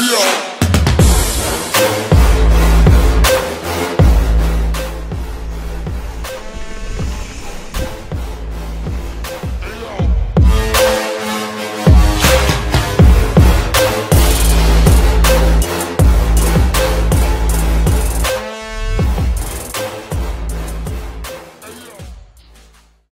yeah.